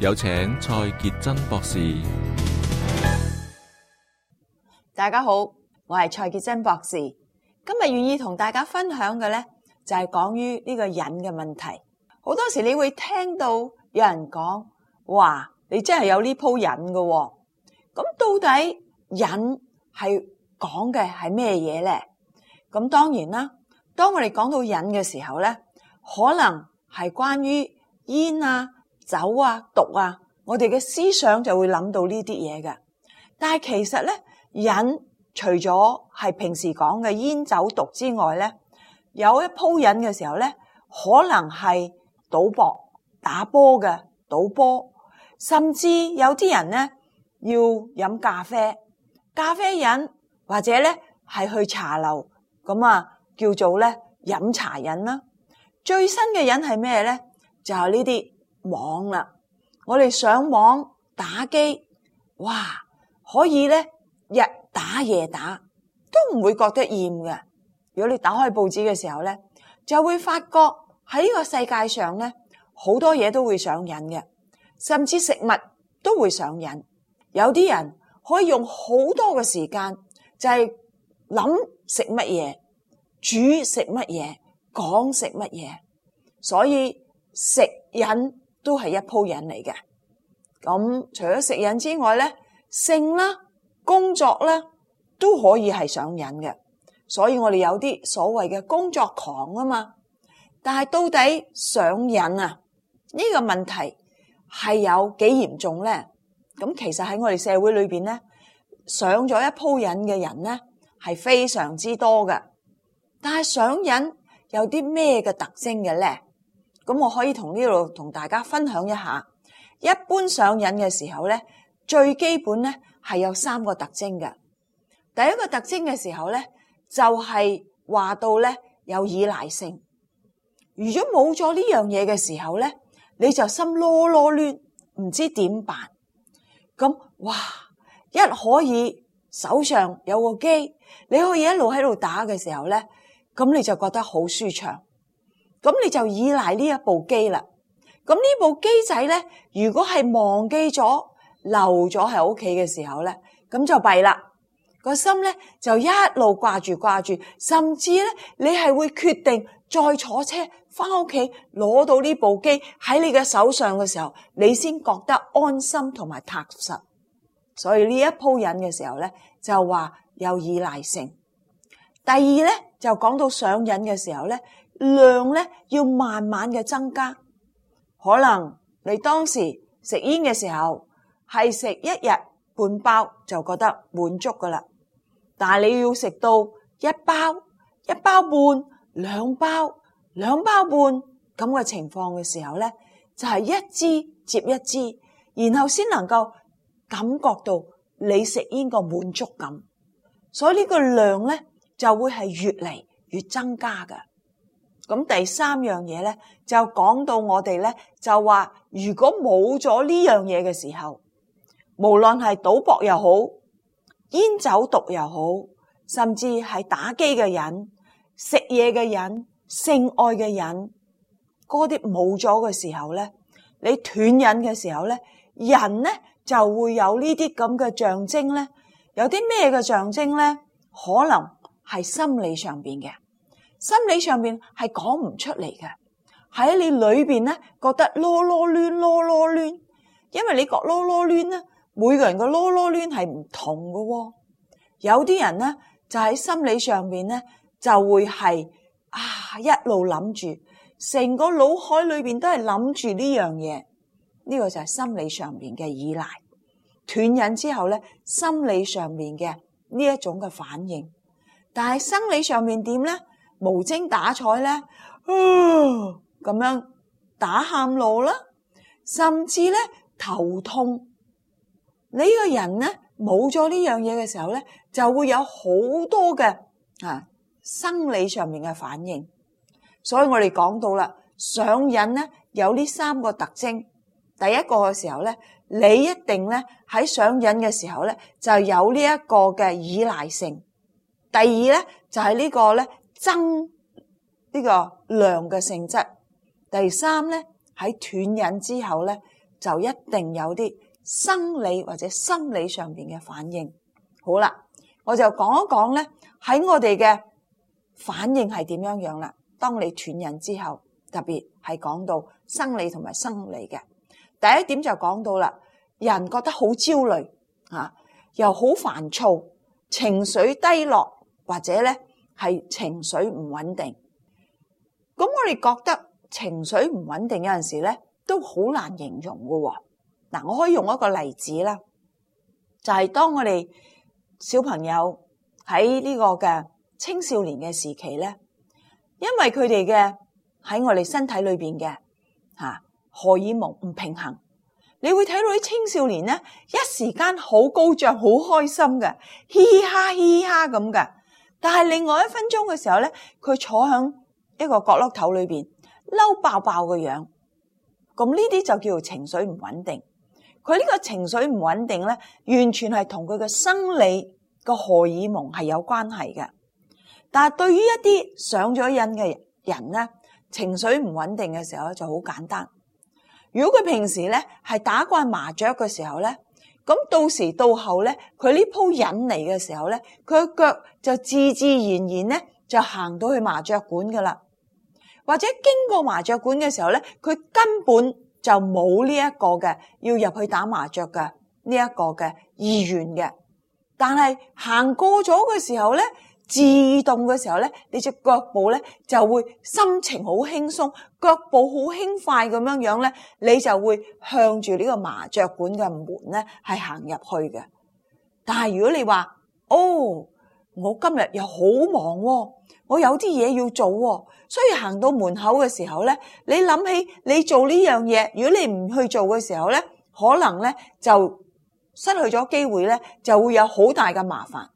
有請蔡潔珍博士。大家好，我係蔡潔珍博士。今日願意同大家分享嘅咧，就係、是、講於呢個癮嘅問題。好多時你會聽到有人講，哇，你真係有呢鋪癮嘅、哦。咁到底癮係講嘅係咩嘢咧？咁當然啦，當我哋講到癮嘅時候咧，可能係關於煙啊。酒啊、毒啊，我哋嘅思想就會諗到呢啲嘢嘅。但係其實咧，癮除咗係平時講嘅煙、酒、毒之外咧，有一鋪癮嘅時候咧，可能係賭博、打波嘅賭波，甚至有啲人咧要飲咖啡，咖啡癮或者咧係去茶樓咁啊，叫做咧飲茶癮啦。最新嘅癮係咩咧？就係呢啲、網啦，我哋上網打機，哇，可以咧，日打夜打，都唔會覺得厭嘅。如果你打開報紙嘅時候咧，就會發覺喺呢個世界上咧，好多嘢都會上癮嘅，甚至食物都會上癮。有啲人可以用好多嘅時間，就係諗食乜嘢、煮食乜嘢、講食乜嘢，所以食癮。都係一鋪癮嚟嘅，咁除咗食癮之外咧，性啦、工作啦都可以係上癮嘅，所以我哋有啲所謂嘅工作狂啊嘛。但係到底上癮啊呢個問題係有幾嚴重咧？咁其實喺我哋社會裏邊咧，上咗一鋪癮嘅人咧係非常之多嘅，但係上癮有啲咩嘅特徵嘅咧？咁我可以同呢度同大家分享一下，一般上癮嘅時候咧，最基本咧係有三個特徵嘅。第一個特徵嘅時候咧，就係話到咧有依賴性。如果冇咗呢樣嘢嘅時候咧，你就心囉囉攣，唔知點辦。咁哇，一可以手上有個機，你可以一路喺度打嘅時候咧，咁你就覺得好舒暢。咁你就依賴呢一部機啦。咁呢部機仔呢，如果係忘記咗漏咗喺屋企嘅時候呢，咁就弊啦。個心呢，就一路掛住掛住，甚至呢，你係會決定再坐車翻屋企攞到呢部機喺你嘅手上嘅時候，你先覺得安心同埋踏實。所以呢一鋪癮嘅時候呢，就話有依賴性。第二呢，就講到上癮嘅時候呢。量咧要慢慢嘅增加，可能你當時食煙嘅時候係食一日半包就覺得滿足噶啦，但係你要食到一包、一包半、兩包、兩包、兩包半咁嘅情況嘅時候呢，就係一支接一支，然後先能夠感覺到你食煙個滿足感，所以呢個量呢，就會係越嚟越增加嘅。咁第三樣嘢咧，就講到我哋咧，就話如果冇咗呢樣嘢嘅時候，無論係賭博又好，煙酒毒又好，甚至係打機嘅癮、食嘢嘅癮、性愛嘅癮，嗰啲冇咗嘅時候咧，你斷癮嘅時候咧，人咧就會有這這呢啲咁嘅象徵咧，有啲咩嘅象徵咧？可能係心理上面嘅。心理上面係講唔出嚟嘅，喺你裏邊咧覺得囉囉攣囉囉攣，因為你覺囉囉攣咧，每個人個囉囉攣係唔同㗎，有啲人咧就喺心理上面咧就會係啊一路諗住，成個腦海裏邊都係諗住呢樣嘢，呢個就係心理上面嘅依賴，斷癮之後咧心理上面嘅呢一種嘅反應，但係生理上面點咧？無精打采咧，咁樣打喊路啦，甚至咧頭痛。你個人咧冇咗呢樣嘢嘅時候咧，就會有好多嘅啊生理上面嘅反應。所以我哋講到啦，上癮咧有呢三個特徵。第一個嘅時候咧，你一定咧喺上癮嘅時候咧就有呢一個嘅依賴性。第二咧就係呢個咧。增呢個量嘅性質。第三咧，喺斷癮之後咧，就一定有啲生理或者心理上面嘅反應。好啦，我就講一講咧，喺我哋嘅反應係點樣樣啦。當你斷癮之後，特別係講到生理同埋生理嘅第一點就講到啦，人覺得好焦慮，又好煩躁，情緒低落或者咧。係情緒唔穩定，咁我哋覺得情緒唔穩定有陣時咧，都好難形容噶、啊。嗱、啊，我可以用一個例子啦，就係、是、當我哋小朋友喺呢個嘅青少年嘅時期咧，因為佢哋嘅喺我哋身體裏邊嘅吓荷爾蒙唔平衡，你會睇到啲青少年咧一時間好高漲、好開心嘅，嘻嘻哈嘻嘻哈咁嘅。但係另外一分鐘嘅時候咧，佢坐喺一個角落頭裏邊，嬲爆爆嘅樣。咁呢啲就叫做情緒唔穩定。佢呢個情緒唔穩定咧，完全係同佢嘅生理個荷爾蒙係有關係嘅。但係對於一啲上咗癮嘅人咧，情緒唔穩定嘅時候咧就好簡單。如果佢平時咧係打慣麻雀嘅時候咧。咁到時到後咧，佢呢鋪引嚟嘅時候咧，佢嘅腳就自自然然咧就行到去麻雀館噶啦，或者經過麻雀館嘅時候咧，佢根本就冇呢一個嘅要入去打麻雀嘅呢一個嘅意願嘅，但係行過咗嘅時候咧。自動嘅時候咧，你隻腳步咧就會心情好輕鬆，腳步好輕快咁樣樣咧，你就會向住呢個麻雀館嘅門咧係行入去嘅。但係如果你話哦，我今日又好忙喎，我有啲嘢要做喎，所以行到門口嘅時候咧，你諗起你做呢樣嘢，如果你唔去做嘅時候咧，可能咧就失去咗機會咧，就會有好大嘅麻煩。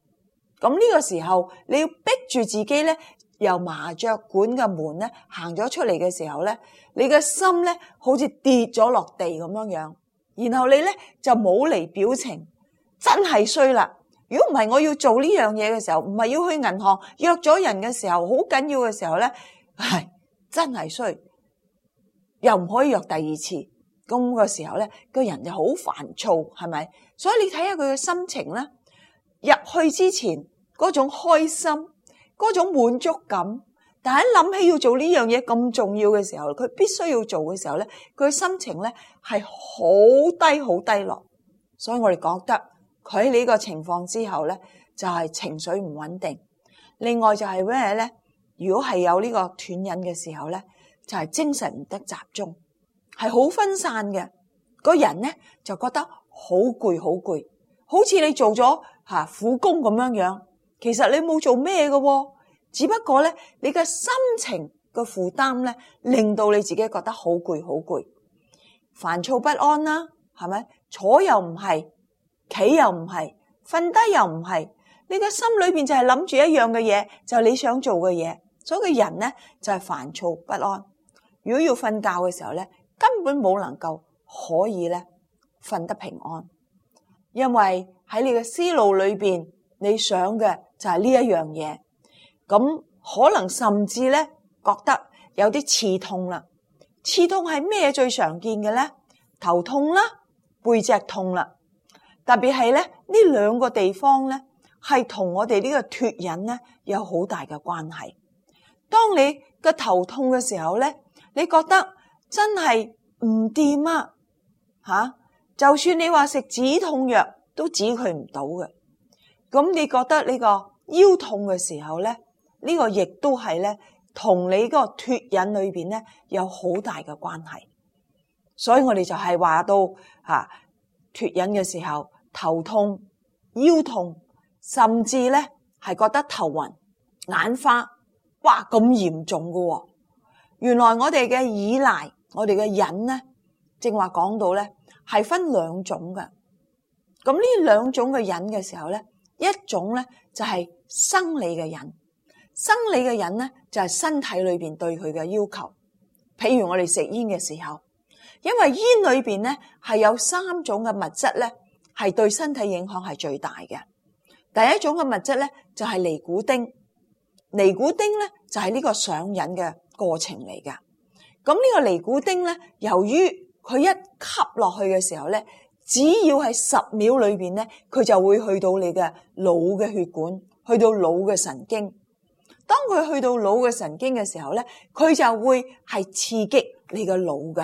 咁呢個時候你要逼住自己咧，由麻雀館嘅門咧行咗出嚟嘅時候咧，你嘅心咧好似跌咗落地咁樣樣，然後你咧就冇嚟表情，真係衰啦！如果唔係我要做呢樣嘢嘅時候，唔係要去銀行約咗人嘅時候，好緊要嘅時候咧，唉，真係衰，又唔可以約第二次。咁個時候咧，個人就好煩躁，係咪？所以你睇下佢嘅心情咧，入去之前。嗰種開心，嗰種滿足感。但係諗起要做呢樣嘢咁重要嘅時候，佢必須要做嘅時候咧，佢心情咧係好低好低落。所以我哋覺得佢喺呢個情況之後咧，就係情緒唔穩定。另外就係咩咧？如果係有呢個斷癮嘅時候咧，就係精神唔得集中，係好分散嘅。個人咧就覺得好攰好攰，好似你做咗吓苦工咁樣樣。其實你冇做咩嘅，哦，只不過咧你嘅心情嘅負擔咧，令到你自己覺得好攰好攰，煩躁不安啦，啊，係咪？坐又唔係，企又唔係，瞓低又唔係，你嘅心裏邊就係諗住一樣嘅嘢，就係你想做嘅嘢，所以個人咧就係煩躁不安。如果要瞓覺嘅時候咧，根本冇能夠可以咧瞓得平安，因為喺你嘅思路裏邊。你想嘅就係呢一樣嘢，咁可能甚至咧覺得有啲刺痛啦。刺痛係咩最常見嘅咧？頭痛啦，背脊痛啦，特別係咧呢兩個地方咧，係同我哋呢個脫癮咧有好大嘅關係。當你個頭痛嘅時候咧，你覺得真係唔掂啊吓，就算你話食止痛藥都止佢唔到嘅。咁你覺得呢個腰痛嘅時候咧，呢、這個亦都係咧同你嗰個脫癮裏邊咧有好大嘅關係，所以我哋就係話到吓、啊、脫癮嘅時候頭痛、腰痛，甚至咧係覺得頭暈、眼花，哇咁嚴重噶、哦！原來我哋嘅依賴，我哋嘅癮咧，正話講到咧係分兩種嘅，咁呢兩種嘅癮嘅時候咧。一種咧就係生理嘅癮，生理嘅癮咧就係身體裏邊對佢嘅要求。譬如我哋食煙嘅時候，因為煙裏邊咧係有三種嘅物質咧係對身體影響係最大嘅。第一種嘅物質咧就係尼古丁，尼古丁咧就係呢個上癮嘅過程嚟㗎。咁呢個尼古丁咧，由於佢一吸落去嘅時候咧。只要係十秒裏邊咧，佢就會去到你嘅腦嘅血管，去到腦嘅神經。當佢去到腦嘅神經嘅時候咧，佢就會係刺激你嘅腦嘅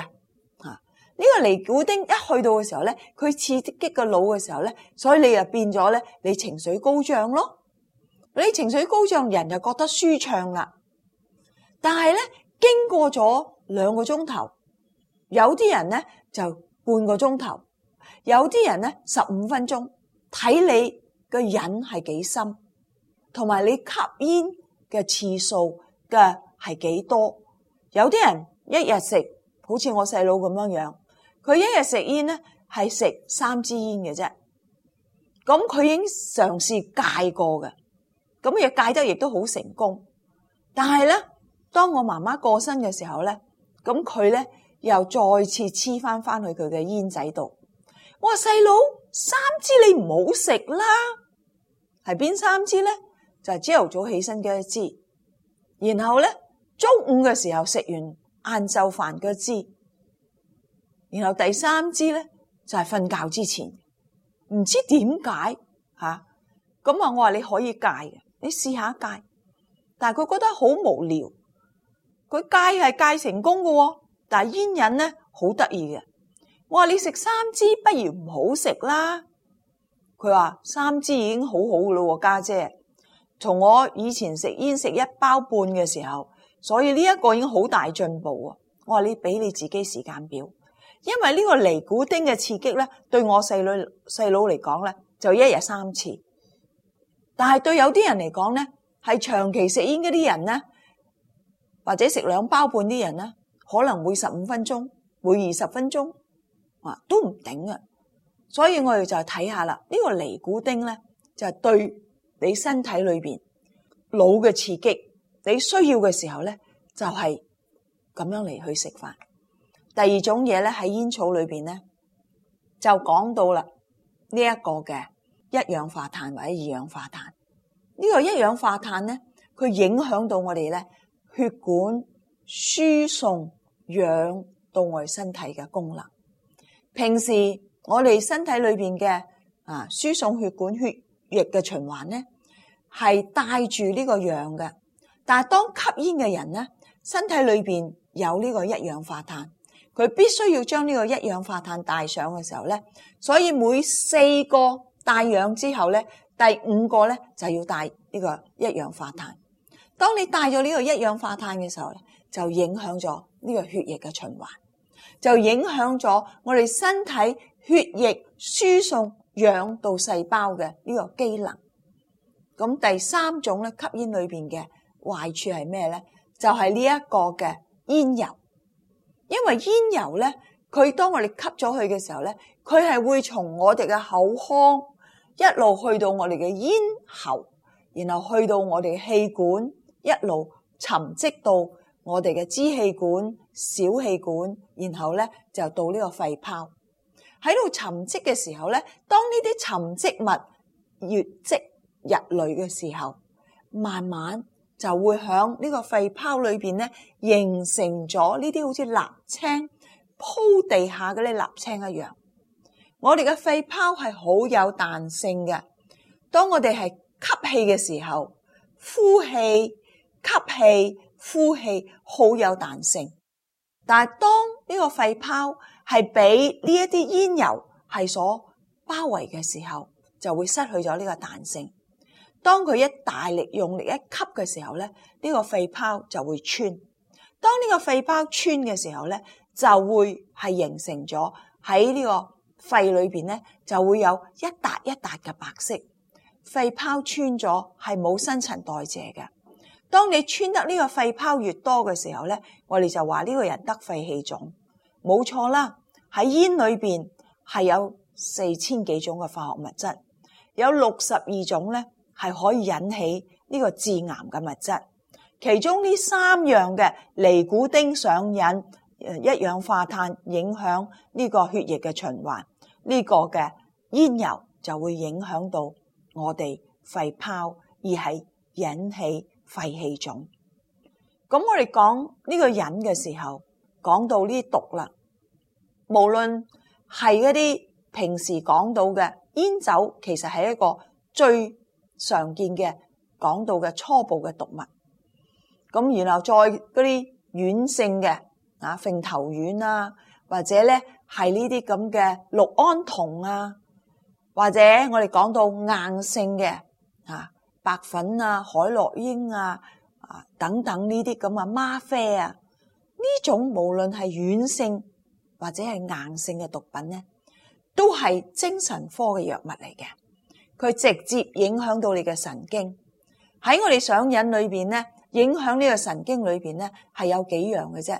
吓。呢個尼古丁一去到嘅時候咧，佢刺激嘅腦嘅時候咧，所以你又變咗咧，你情緒高漲咯。你情緒高漲，人又覺得舒暢啦。但係咧，經過咗兩個鐘頭，有啲人咧就半個鐘頭。有啲人咧，十五分鐘，睇你個癮係幾深，同埋你吸煙嘅次數嘅係幾多。有啲人一日食，好似我細佬咁樣樣，佢一日食煙咧係食三支煙嘅啫。咁佢已經嘗試戒過嘅，咁亦戒得亦都好成功。但係咧，當我媽媽過身嘅時候咧，咁佢咧又再次黐翻翻去佢嘅煙仔度。我話細佬三支你唔好食啦，係邊三支咧？就係朝頭早起身嘅一支，然後咧中午嘅時候食完晏晝飯嘅一支，然後第三支咧就係、是、瞓覺之前，唔知點解吓。咁啊，嗯、我話你可以戒嘅，你試下戒。但係佢覺得好無聊，佢戒係戒成功嘅，但係煙癮咧好得意嘅。我話你食三支，不如唔好食啦。佢話三支已經好好噶啦，家姐。同我以前食煙食一包半嘅時候，所以呢一個已經好大進步啊。我話你俾你自己時間表，因為呢個尼古丁嘅刺激呢，對我細女細佬嚟講呢，就一日三次。但係對有啲人嚟講呢，係長期食煙嗰啲人呢，或者食兩包半啲人呢，可能每十五分鐘，每二十分鐘。話都唔頂呀，所以我哋就睇下啦。呢個尼古丁咧，就係對你身體裏邊腦嘅刺激。你需要嘅時候咧，就係咁樣嚟去食飯。第二種嘢咧，喺煙草裏邊咧，就講到啦。呢一個嘅一氧化碳或者二氧化碳，呢個一氧化碳咧，佢影響到我哋咧，血管輸送氧到我哋身體嘅功能。平時我哋身體裏邊嘅啊輸送血管血液嘅循環呢，係帶住呢個氧嘅。但係當吸煙嘅人呢，身體裏邊有呢個一氧化碳，佢必須要將呢個一氧化碳帶上嘅時候呢，所以每四個帶氧之後呢，第五個呢就要帶呢個一氧化碳。當你帶咗呢個一氧化碳嘅時候呢，就影響咗呢個血液嘅循環。就影響咗我哋身體血液輸送氧到細胞嘅呢個機能。咁第三種咧，吸煙裏邊嘅壞處係咩咧？就係呢一個嘅煙油，因為煙油咧，佢當我哋吸咗佢嘅時候咧，佢係會從我哋嘅口腔一路去到我哋嘅咽喉，然後去到我哋嘅氣管，一路沉積到。我哋嘅支氣管、小氣管，然後咧就到呢個肺泡喺度沉積嘅時候咧。當呢啲沉積物越積日累嘅時候，慢慢就會響呢個肺泡裏邊咧形成咗呢啲好似瀝青鋪地下嗰啲瀝青一樣。我哋嘅肺泡係好有彈性嘅。當我哋係吸氣嘅時候，呼氣、吸氣。呼氣好有彈性，但係當呢個肺泡係俾呢一啲煙油係所包圍嘅時候，就會失去咗呢個彈性。當佢一大力用力一吸嘅時候咧，呢個肺泡就會穿。當呢個肺泡穿嘅時候咧，就會係形成咗喺呢個肺裏邊咧，就會有一笪一笪嘅白色。肺泡穿咗係冇新陳代謝嘅。當你穿得呢個肺泡越多嘅時候咧，我哋就話呢個人得肺氣腫，冇錯啦。喺煙裏邊係有四千幾種嘅化學物質，有六十二種咧係可以引起呢個致癌嘅物質。其中呢三樣嘅尼古丁上癮，一氧化碳影響呢個血液嘅循環，呢、這個嘅煙油就會影響到我哋肺泡而係引起。肺氣腫，咁我哋講呢個人嘅時候，講到呢毒啦，無論係嗰啲平時講到嘅煙酒，其實係一個最常見嘅講到嘅初步嘅毒物。咁然後再嗰啲軟性嘅啊，揈頭丸啊，或者咧係呢啲咁嘅氯胺酮啊，或者我哋講到硬性嘅。白粉啊、海洛因啊、啊等等呢啲咁嘅嗎啡啊，呢種無論係軟性或者係硬性嘅毒品咧，都係精神科嘅藥物嚟嘅。佢直接影響到你嘅神經。喺我哋上癮裏邊咧，影響呢個神經裏邊咧係有幾樣嘅啫。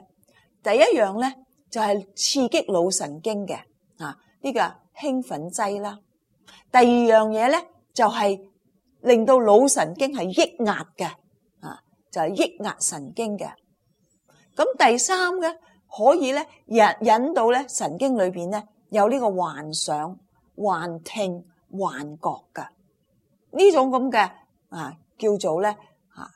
第一樣咧就係、是、刺激腦神經嘅啊，呢、這個興奮劑啦。第二樣嘢咧就係、是。令到腦神經係抑壓嘅，啊，就係抑壓神經嘅。咁第三嘅可以咧，引引到咧神經裏邊咧有呢個幻想、幻聽、幻覺嘅呢種咁嘅啊，叫做咧吓，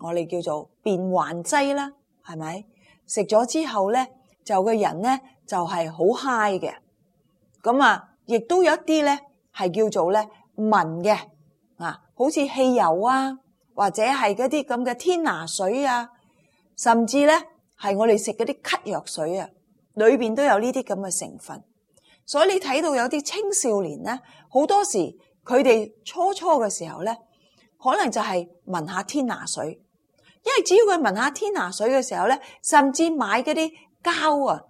我哋叫做變幻劑啦，係咪？食咗之後咧，就個人咧就係好 high 嘅。咁啊，亦都有一啲咧係叫做咧聞嘅。好似汽油啊，或者係嗰啲咁嘅天拿水啊，甚至咧係我哋食嗰啲咳藥水啊，裏邊都有呢啲咁嘅成分。所以你睇到有啲青少年咧，好多時佢哋初初嘅時候咧，可能就係聞下天拿水，因為只要佢聞下天拿水嘅時候咧，甚至買嗰啲膠啊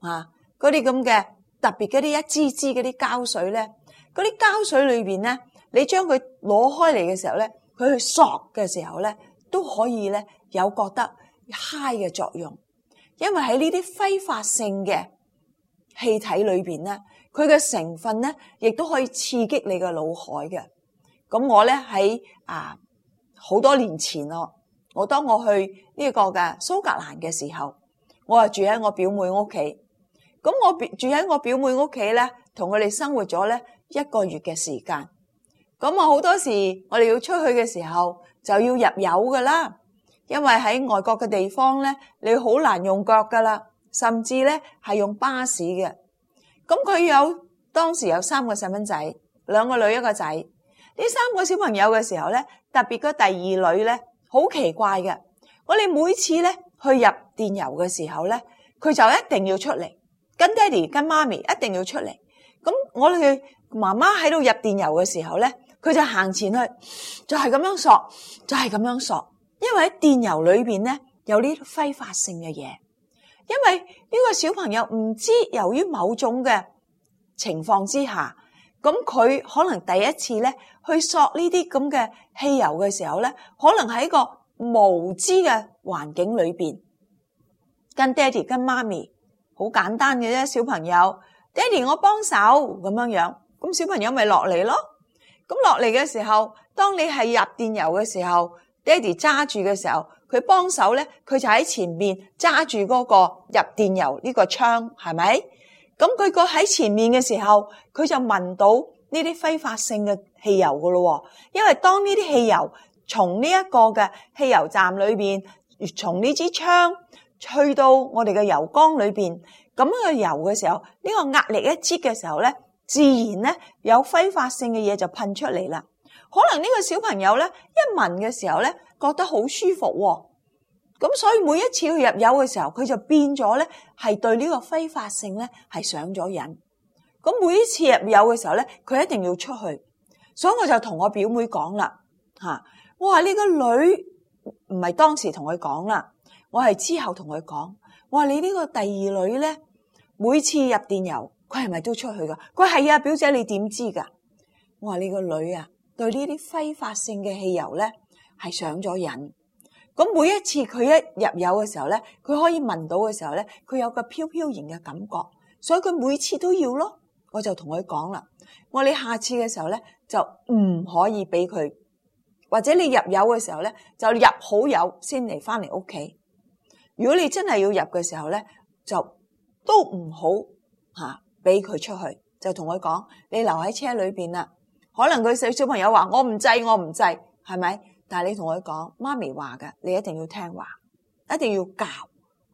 啊，嗰啲咁嘅特別嗰啲一支支嗰啲膠水咧，嗰啲膠水裏邊咧。你將佢攞開嚟嘅時候咧，佢去索嘅時候咧，都可以咧有覺得嗨嘅作用。因為喺呢啲揮發性嘅氣體裏邊咧，佢嘅成分咧，亦都可以刺激你嘅腦海嘅。咁我咧喺啊好多年前咯，我當我去呢個嘅蘇格蘭嘅時候，我啊住喺我表妹屋企。咁我住喺我表妹屋企咧，同佢哋生活咗咧一個月嘅時間。咁我好多時我哋要出去嘅時候就要入油噶啦，因為喺外國嘅地方咧，你好難用腳噶啦，甚至咧係用巴士嘅。咁佢有當時有三個細蚊仔，兩個女一個仔。呢三個小朋友嘅時候咧，特別個第二女咧，好奇怪嘅。我哋每次咧去入電油嘅時候咧，佢就一定要出嚟，跟爹哋跟媽咪一定要出嚟。咁我哋媽媽喺度入電油嘅時候咧。佢就行前去，就係咁樣索，就係咁樣索。因為喺電油裏邊咧，有呢啲揮發性嘅嘢。因為呢個小朋友唔知，由於某種嘅情況之下，咁佢可能第一次咧去索呢啲咁嘅汽油嘅時候咧，可能喺一個無知嘅環境裏邊，跟爹哋跟媽咪好簡單嘅啫。小朋友，爹哋我幫手咁樣樣，咁小朋友咪落嚟咯。咁落嚟嘅時候，當你係入電油嘅時候，爹哋揸住嘅時候，佢幫手咧，佢就喺前面揸住嗰個入電油呢個槍，係咪？咁佢個喺前面嘅時候，佢就聞到呢啲揮發性嘅汽油噶咯。因為當呢啲汽油從呢一個嘅汽油站裏面，從呢支槍去到我哋嘅油缸裏面，咁樣去油嘅時候，呢個壓力一支嘅時候咧。自然咧，有揮發性嘅嘢，就噴出嚟啦。可能呢個小朋友咧一聞嘅時候咧覺得好舒服，咁所以每一次佢入油嘅時候，佢就變咗咧係對呢個揮發性咧係上咗癮。咁每一次入油嘅時候咧，佢一定要出去。所以我就同我表妹講啦，吓，我話你個女唔係，當時同佢講啦，我係之後同佢講，我話你呢個第二女咧，每次入電油。佢係咪都出去噶？佢係啊，表姐，你點知噶？我話你個女啊，對呢啲揮發性嘅汽油咧，係上咗癮。咁每一次佢一入油嘅時候咧，佢可以聞到嘅時候咧，佢有個飄飄然嘅感覺，所以佢每次都要咯。我就同佢講啦，我你下次嘅時候咧，就唔可以俾佢，或者你入油嘅時候咧，就入好油先嚟返嚟屋企。如果你真係要入嘅時候咧，就都唔好吓。啊俾佢出去，就同佢講：你留喺車裏邊啦。可能佢細小朋友話：我唔制，我唔制，係咪？但係你同佢講，媽咪話嘅，你一定要聽話，一定要教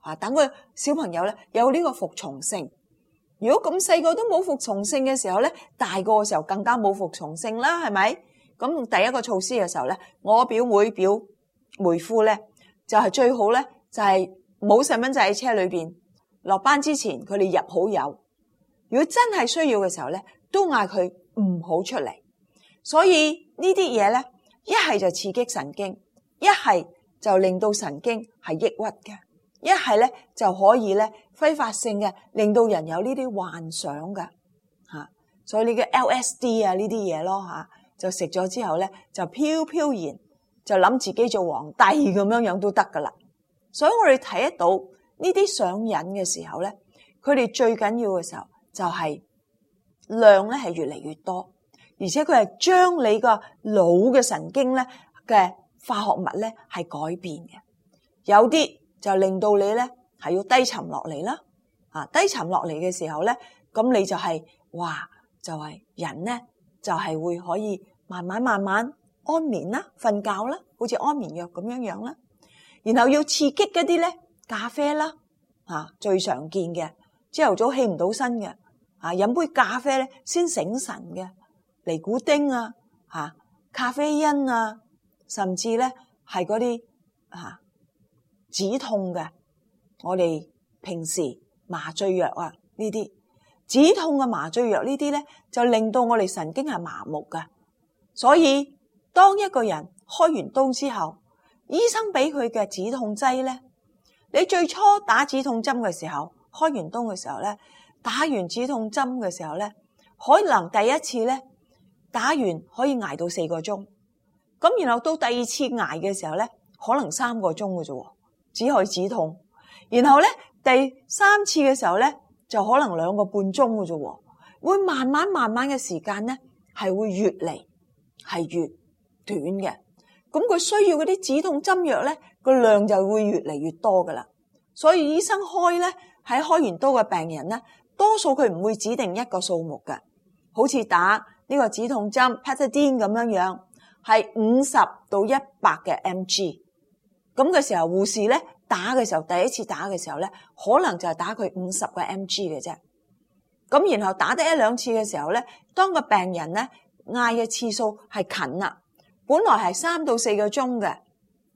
啊。等佢小朋友咧有呢個服從性。如果咁細個都冇服從性嘅時候咧，大個嘅時候更加冇服從性啦，係咪？咁第一個措施嘅時候咧，我表妹表妹夫咧就係最好咧，就係冇細蚊仔喺車裏邊落班之前，佢哋入好油。如果真係需要嘅時候咧，都嗌佢唔好出嚟，所以呢啲嘢咧，一係就刺激神經，一係就令到神經係抑鬱嘅，一係咧就可以咧揮發性嘅，令到人有呢啲幻想嘅吓，所以你嘅 LSD 啊呢啲嘢咯吓，就食咗之後咧就飄飄然，就諗自己做皇帝咁樣樣都得噶啦。所以我哋睇得到呢啲上癮嘅時候咧，佢哋最緊要嘅時候。就係量咧係越嚟越多，而且佢係將你個腦嘅神經咧嘅化學物咧係改變嘅，有啲就令到你咧係要低沉落嚟啦，啊低沉落嚟嘅時候咧，咁你就係哇就係人咧就係會可以慢慢慢慢安眠啦、瞓覺啦，好似安眠藥咁樣樣啦，然後要刺激嗰啲咧咖啡啦，啊最常見嘅朝頭早起唔到身嘅。啊！飲杯咖啡咧，先醒神嘅尼古丁啊，嚇咖啡因啊，甚至咧係嗰啲嚇止痛嘅，我哋平時麻醉藥啊呢啲止痛嘅麻醉藥呢啲咧，就令到我哋神經係麻木㗎。所以當一個人開完刀之後，醫生俾佢嘅止痛劑咧，你最初打止痛針嘅時候，開完刀嘅時候咧。打完止痛針嘅時候咧，可能第一次咧打完可以捱到四個鐘，咁然後到第二次捱嘅時候咧，可能三個鐘嘅啫，只可以止痛。然後咧第三次嘅時候咧，就可能兩個半鐘嘅啫，會慢慢慢慢嘅時間咧係會越嚟係越短嘅。咁佢需要嗰啲止痛針藥咧個量就會越嚟越多噶啦，所以醫生開咧喺開完刀嘅病人咧。多數佢唔會指定一個數目嘅，好似打呢個止痛針 pethidine 咁樣樣，係五十到一百嘅 mg。咁嘅時候，護士咧打嘅時候，第一次打嘅時候咧，可能就係打佢五十個 mg 嘅啫。咁然後打得一兩次嘅時候咧，當個病人咧嗌嘅次數係近啦，本來係三到四個鐘嘅，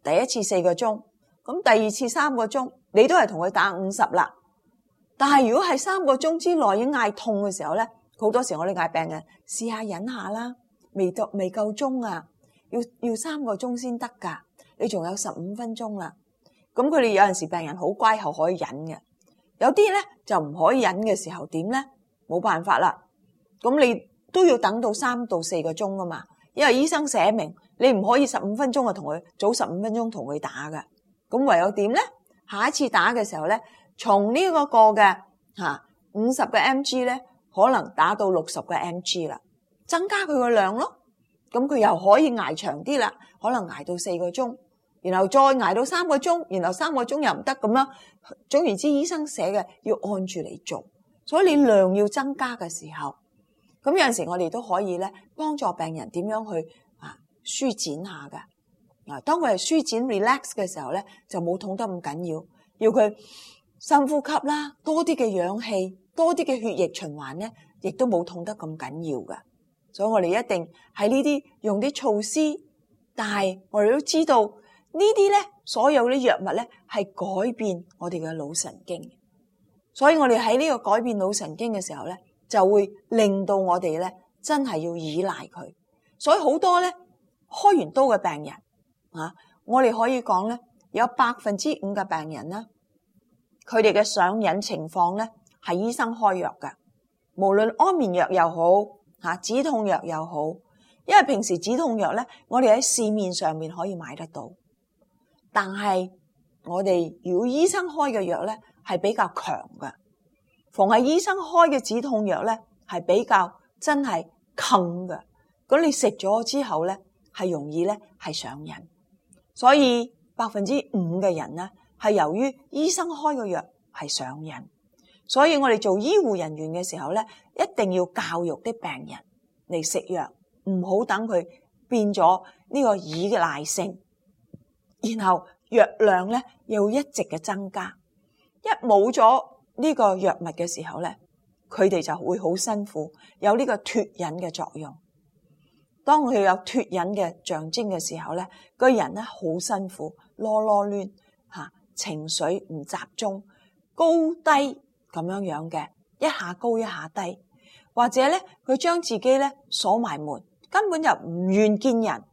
第一次四個鐘，咁第二次三個鐘，你都係同佢打五十啦。但係如果係三個鐘之內要嗌痛嘅時候咧，好多時候我哋嗌病人，試下忍下啦，未到未夠鐘啊，要要三個鐘先得噶，你仲有十五分鐘啦，咁佢哋有陣時病人好乖，後可以忍嘅，有啲咧就唔可以忍嘅時候呢，點咧？冇辦法啦，咁你都要等到三到四個鐘啊嘛，因為醫生寫明你唔可以十五分鐘就同佢早十五分鐘同佢打噶，咁唯有點咧？下一次打嘅時候咧？從呢個個嘅嚇五十個 mg 咧，可能打到六十個 mg 啦，增加佢個量咯。咁、嗯、佢又可以挨長啲啦，可能挨到四個鐘，然後再挨到三個鐘，然後三個鐘又唔得咁啦。總言之，醫生寫嘅要按住嚟做，所以你量要增加嘅時候，咁、嗯、有陣時我哋都可以咧幫助病人點樣去啊舒展下嘅啊。當佢係舒展 relax 嘅時候咧，就冇痛得咁緊要，要佢。深呼吸啦，多啲嘅氧氣，多啲嘅血液循環咧，亦都冇痛得咁緊要㗎。所以我哋一定喺呢啲用啲措施，但係我哋都知道呢啲咧，所有啲藥物咧係改變我哋嘅腦神經。所以我哋喺呢個改變腦神經嘅時候咧，就會令到我哋咧真係要依賴佢。所以好多咧開完刀嘅病人，我哋可以講咧有百分之五嘅病人啦。佢哋嘅上癮情況咧，係醫生開藥嘅。無論安眠藥又好，吓止痛藥又好，因為平時止痛藥咧，我哋喺市面上面可以買得到。但係我哋如果醫生開嘅藥咧，係比較強嘅。逢係醫生開嘅止痛藥咧，係比較真係勁嘅。咁你食咗之後咧，係容易咧係上癮。所以百分之五嘅人咧，係由於醫生開嘅藥係上癮，所以我哋做醫護人員嘅時候咧，一定要教育啲病人嚟食藥，唔好等佢變咗呢個依賴性，然後藥量咧又一直嘅增加，一冇咗呢個藥物嘅時候咧，佢哋就會好辛，辛苦，有呢個脫癮嘅作用。當佢有脫癮嘅象徵嘅時候咧，個人咧好辛苦，囉囉攣。情緒唔集中，高低咁樣樣嘅，一下高一下低，或者呢，佢將自己呢鎖埋門，根本就唔願見人。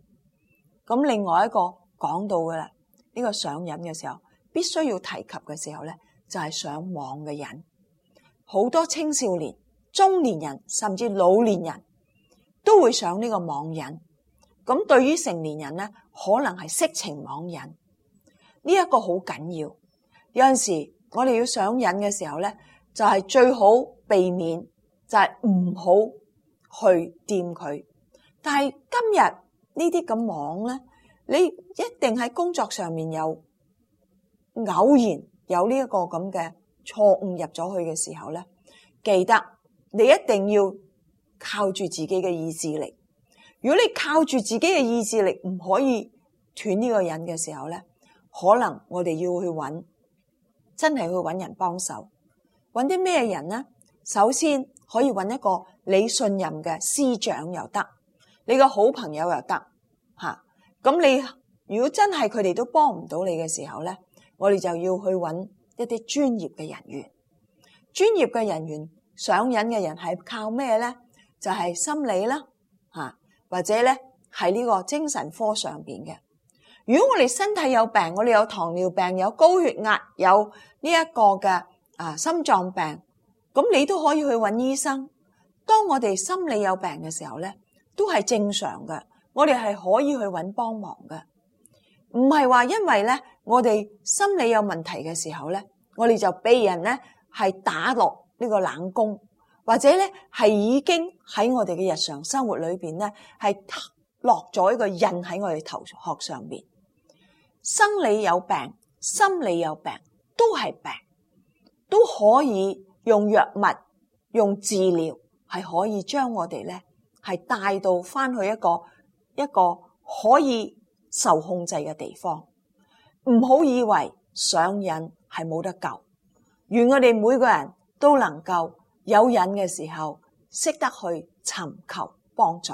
咁另外一個講到嘅啦，呢個上癮嘅時候，必須要提及嘅時候呢，就係上網嘅癮。好多青少年、中年人甚至老年人，都會上呢個網癮。咁對於成年人呢，可能係色情網癮。呢一個好緊要，有陣時我哋要上癮嘅時候咧，就係最好避免，就係唔好去掂佢。但係今日呢啲咁網咧，你一定喺工作上面有偶然有呢一個咁嘅錯誤入咗去嘅時候咧，記得你一定要靠住自己嘅意志力。如果你靠住自己嘅意志力唔可以斷呢個癮嘅時候咧。可能我哋要去揾，真係去揾人幫手，揾啲咩人呢？首先可以揾一個你信任嘅師長又得，你嘅好朋友又得，吓、啊。咁你如果真係佢哋都幫唔到你嘅時候呢，我哋就要去揾一啲專業嘅人員。專業嘅人員上癮嘅人係靠咩呢？就係、是、心理啦，吓、啊、或者呢，係呢個精神科上邊嘅。如果我哋身體有病，我哋有糖尿病、有高血壓、有呢一個嘅、啊心臟病，咁你都可以去搵醫生。當我哋心理有病嘅時候呢，都係正常嘅，我哋係可以去搵幫忙嘅，唔係話因為呢，我哋心理有問題嘅時候呢，我哋就俾人呢係打落呢個冷宮，或者呢係已經喺我哋嘅日常生活裏邊呢係落咗一個印喺我哋頭殼上邊。.生理有病，心理有病，都係病，都可以用藥物，用治療，係可以將我哋呢，係帶到翻去一個一個可以受控制嘅地方。唔好以為上癮係冇得救，願我哋每個人都能夠有癮嘅時候，識得去尋求幫助。